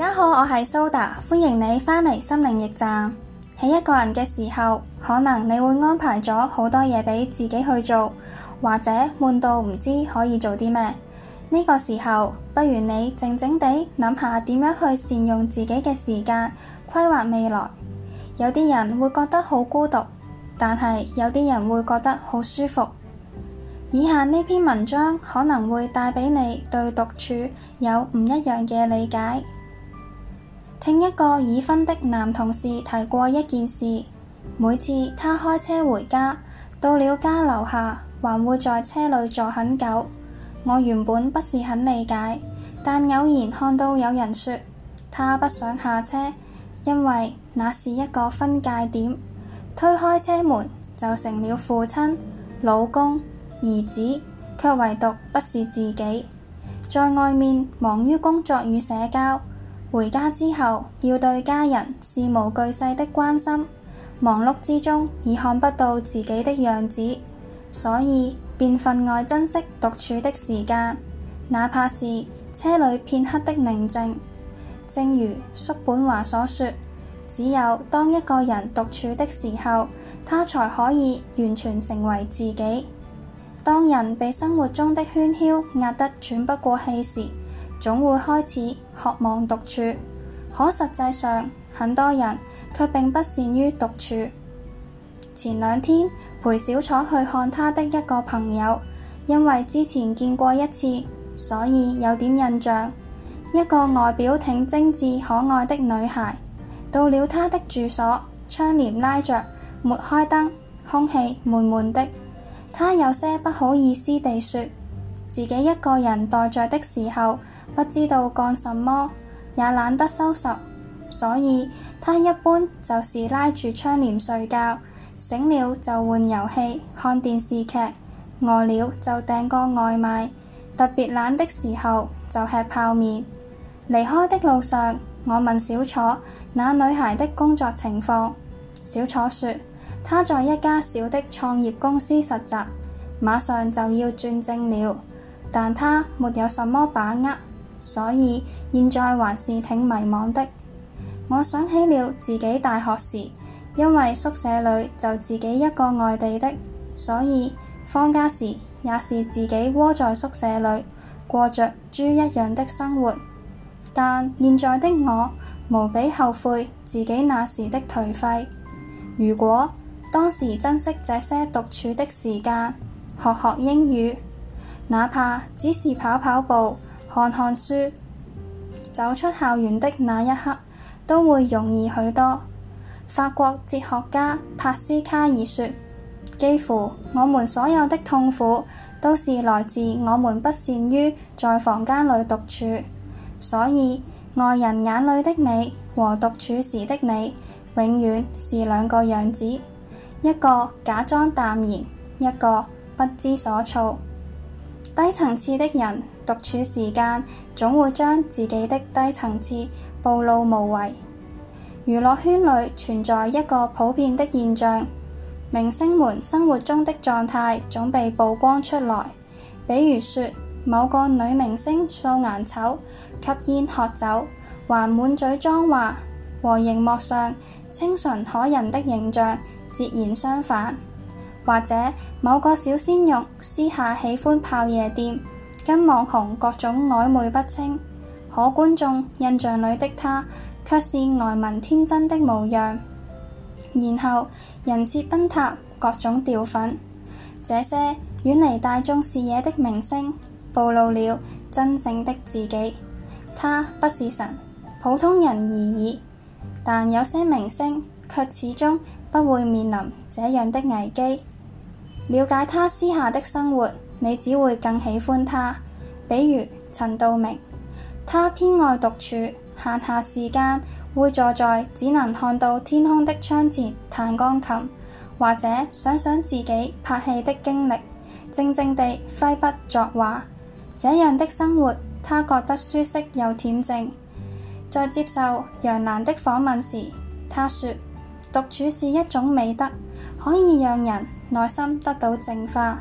大家好，我係蘇達，歡迎你返嚟心靈驛站。喺一個人嘅時候，可能你會安排咗好多嘢畀自己去做，或者悶到唔知可以做啲咩。呢個時候，不如你靜靜地諗下點樣去善用自己嘅時間，規劃未來。有啲人會覺得好孤獨，但係有啲人會覺得好舒服。以下呢篇文章可能會帶畀你對獨處有唔一樣嘅理解。聽一個已婚的男同事提過一件事，每次他開車回家，到了家樓下還會在車裏坐很久。我原本不是很理解，但偶然看到有人說，他不想下車，因為那是一個分界點，推開車門就成了父親、老公、兒子，卻唯獨不是自己，在外面忙於工作與社交。回家之後，要對家人事無巨細的關心，忙碌之中已看不到自己的樣子，所以便分外珍惜獨處的時間，哪怕是車裏片刻的寧靜。正如叔本華所說，只有當一個人獨處的時候，他才可以完全成為自己。當人被生活中的喧囂壓得喘不過氣時，總會開始渴望獨處，可實際上很多人卻並不善於獨處。前兩天陪小楚去看她的一個朋友，因為之前見過一次，所以有點印象。一個外表挺精緻可愛的女孩，到了她的住所，窗簾拉着，沒開燈，空氣悶悶的。她有些不好意思地說。自己一個人待著的時候，不知道幹什麼，也懶得收拾，所以他一般就是拉住窗簾睡覺，醒了就換遊戲、看電視劇，餓了就訂個外賣，特別懶的時候就吃泡麵。離開的路上，我問小楚那女孩的工作情況，小楚說她在一家小的創業公司實習，馬上就要轉正了。但他沒有什麼把握，所以現在還是挺迷茫的。我想起了自己大學時，因為宿舍裏就自己一個外地的，所以放假時也是自己窩在宿舍裏過着豬一樣的生活。但現在的我無比後悔自己那時的頹廢。如果當時珍惜這些獨處的時間，學學英語。哪怕只是跑跑步、看看書，走出校園的那一刻都會容易許多。法國哲學家帕斯卡爾說，幾乎我們所有的痛苦都是來自我們不善於在房間裏獨處。所以，外人眼裏的你和獨處時的你，永遠是兩個樣子，一個假裝淡然，一個不知所措。低層次的人獨處時間，總會將自己的低層次暴露無遺。娛樂圈裡存在一個普遍的現象，明星們生活中的狀態總被曝光出來。比如說，某個女明星素顏醜、吸煙喝酒，還滿嘴髒話，和熒幕上清純可人的形象截然相反。或者某個小鮮肉私下喜歡泡夜店，跟網紅各種曖昧不清，可觀眾印象裡的他卻是呆萌天真的模樣。然後人設崩塌，各種掉粉，這些遠離大眾視野的明星，暴露了真正的自己。他不是神，普通人而已。但有些明星，卻始終不會面臨這樣的危機。了解他私下的生活，你只會更喜歡他。比如陳道明，他偏愛獨處，閒暇時間會坐在只能看到天空的窗前彈鋼琴，或者想想自己拍戲的經歷，靜靜地揮筆作畫。這樣的生活，他覺得舒適又恬靜。在接受楊瀾的訪問時，他說：獨處是一種美德，可以讓人內心得到淨化。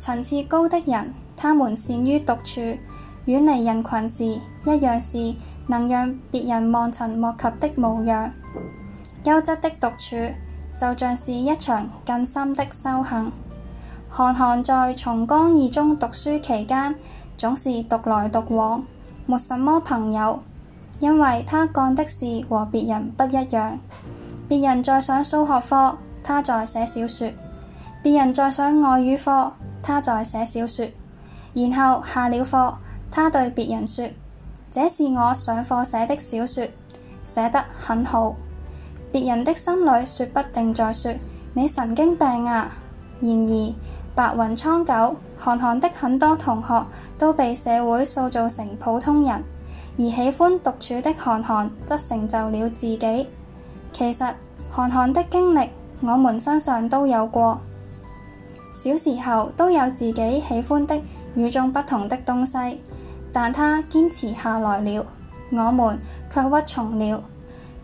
層次高的人，他們善於獨處，遠離人群時一樣是能讓別人望塵莫及的模樣。優質的獨處就像是一場更深的修行。韓寒在松江二中讀書期間總是獨來獨往，沒什麼朋友，因為他幹的事和別人不一樣。別人在上數學課，他在寫小說；別人在上外語課，他在寫小說。然後下了課，他對別人說：這是我上課寫的小說，寫得很好。別人的心裏說不定在說你神經病啊。然而，白雲蒼狗，韓寒的很多同學都被社會塑造成普通人，而喜歡獨處的韓寒則成就了自己。其實韓寒，寒的經歷，我們身上都有過。小時候都有自己喜歡的、與眾不同的東西，但他堅持下來了，我們卻屈從了，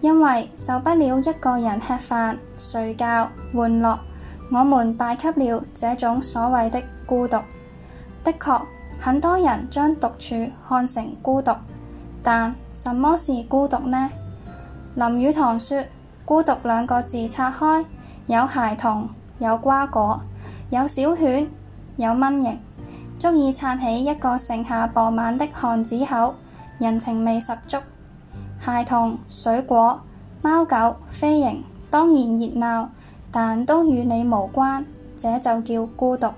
因為受不了一個人吃飯、睡覺、玩樂。我們敗給了這種所謂的孤獨。的確，很多人將獨處看成孤獨，但什麼是孤獨呢？林語堂說：孤獨兩個字拆開，有孩童，有瓜果，有小犬，有蚊蠅，足以撐起一個盛夏傍晚的巷子口，人情味十足。孩童、水果、貓狗、飛蠅，當然熱鬧，但都與你無關，這就叫孤獨。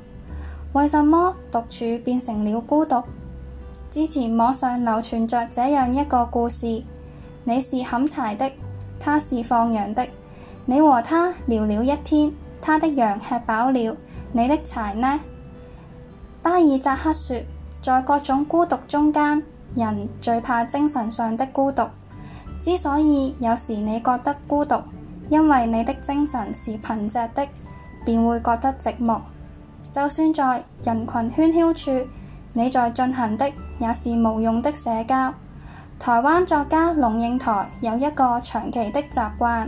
為什麼獨處變成了孤獨？之前網上流傳着這樣一個故事。你是砍柴的，他是放羊的。你和他聊了一天，他的羊吃飽了，你的柴呢？巴爾扎克說：在各種孤獨中間，人最怕精神上的孤獨。之所以有時你覺得孤獨，因為你的精神是貧瘠的，便會覺得寂寞。就算在人群喧囂處，你在進行的也是無用的社交。台灣作家龍應台有一個長期的習慣，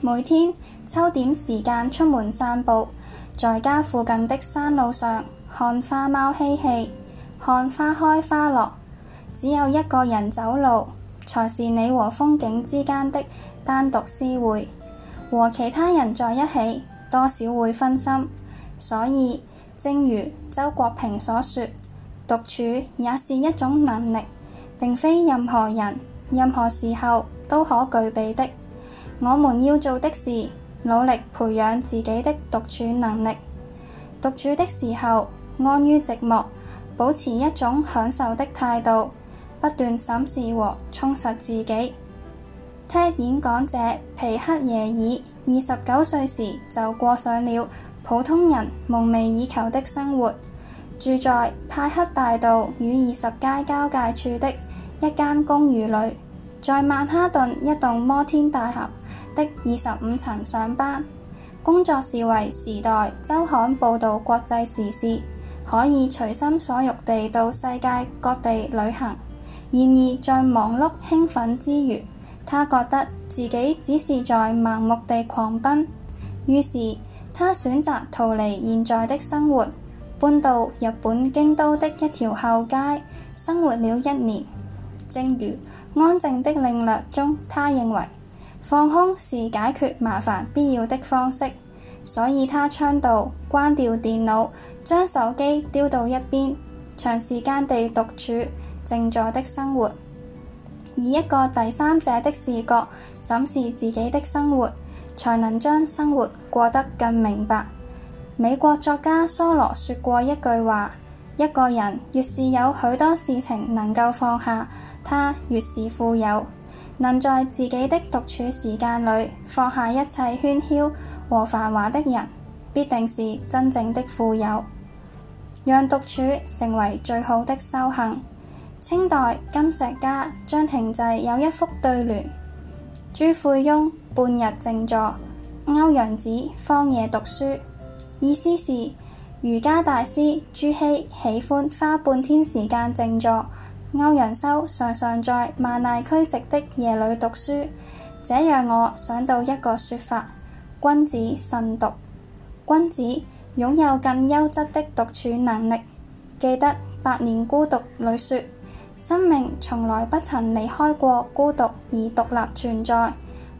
每天抽點時間出門散步，在家附近的山路上看花貓嬉戲，看花開花落。只有一個人走路，才是你和風景之間的單獨私會。和其他人在一起，多少會分心。所以，正如周國平所說，獨處也是一種能力。並非任何人、任何時候都可具備的，我們要做的是努力培養自己的獨處能力。獨處的時候，安於寂寞，保持一種享受的態度，不斷審視和充實自己。聽演講者皮克耶爾二十九歲時就過上了普通人夢寐以求的生活，住在派克大道與二十街交界處的一間公寓裏，在曼哈頓一棟摩天大樓的二十五層上班，工作是為《時代》周刊報導國際時事，可以隨心所欲地到世界各地旅行。然而，在忙碌興奮之餘，他覺得自己只是在盲目地狂奔。於是，他選擇逃離現在的生活，搬到日本京都的一條後街，生活了一年。正如安靜的領略中，他認為放空是解決麻煩必要的方式，所以他倡導關掉電腦，將手機丟到一邊，長時間地獨處靜坐的生活，以一個第三者的視角審視自己的生活，才能將生活過得更明白。美國作家梭羅說過一句話。一個人越是有許多事情能夠放下，他越是富有。能在自己的獨處時間裏放下一切喧囂和繁華的人，必定是真正的富有。讓獨處成為最好的修行。清代金石家張廷濟有一幅對聯：朱晦翁半日靜坐，歐陽子方夜讀書，意思是。儒家大師朱熹喜歡花半天時間靜坐，歐陽修常常在萬籟俱寂的夜裏讀書，這讓我想到一個說法：君子慎獨，君子擁有更優質的獨處能力。記得《百年孤獨》裏說生命從來不曾離開過孤獨而獨立存在。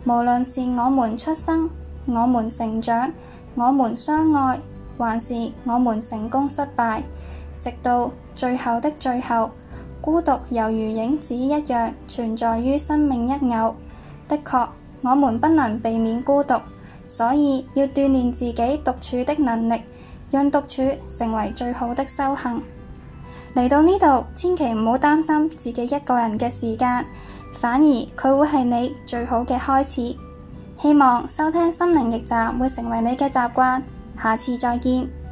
無論是我們出生，我們成長，我們相愛，還是我們成功失敗，直到最後的最後，孤獨猶如影子一樣存在於生命一隅。的確，我們不能避免孤獨，所以要鍛煉自己獨處的能力，讓獨處成為最好的修行。嚟到呢度，千祈唔好擔心自己一個人嘅時間，反而佢會係你最好嘅開始。希望收聽心靈驛站會成為你嘅習慣。下次再見。